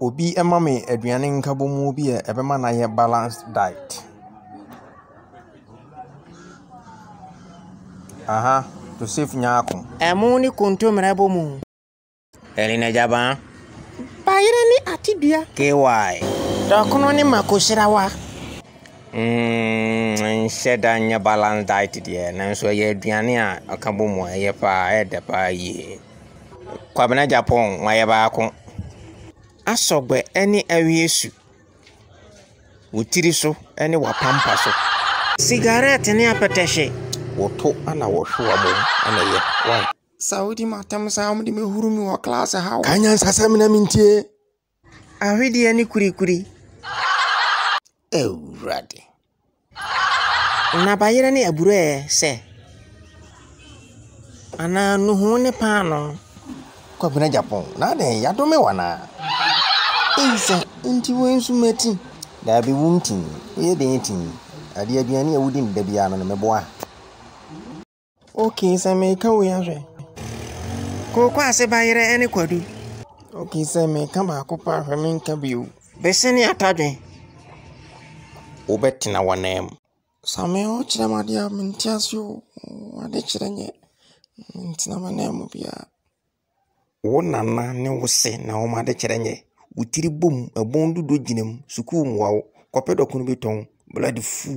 obi ma me aduane nkabom bi a ɛbɛma no ayɛ balanced diet aha tosef nyaako ɛmo ne kontommerɛ bɔ mu ɛlina gyaban bayerɛ ne atedua ky dɔkono ne makohyira wa mm, nhyɛ da nyɛ balanced diet deɛ nanso ɛyɛ aduane a ɔka bɔ mu ɛyɛ paa ɛyɛ dɛ paa yie kwabena japan wayɛ baako asɔgbɛ ɛne ɛwia su wɔ tiri so ɛne wapampa so sigaret ne apɛtɛhye wɔto ana wɔhwe wɔ mom ana yɛ wan saa wodi matam saa mde mɛhuru mi wɔ klaase ha wɔ kanya nsasɛm na mentie ahwedeɛ ne kurikuri awurade nabayerɛ ne aburɛɛ sɛ anaa nohu ne paano kɔbena japon na adɛn yɛadome wana. eisa nti wɔnsu mati daabi wum ntim woyɛ dɛn tim adeɛ aduane a wodi ne da biara no no mɛboa ok sɛ meka wei ahwɛ kooko ase bayerɛ kwadu sɛ baako pa ahwɛ bɛsɛ ne wobɛtena mu adeɛ a mente ase o ade kyerɛ nyɛ mentena m'anan mu biara wo nana ne wo se na wɔm ade kyerɛ nyɛ wotiri bom ɛbɔn dodoɔ gyina mu sukuu mmoa wo kɔpɛ dɔkono bi tɔn blood fuu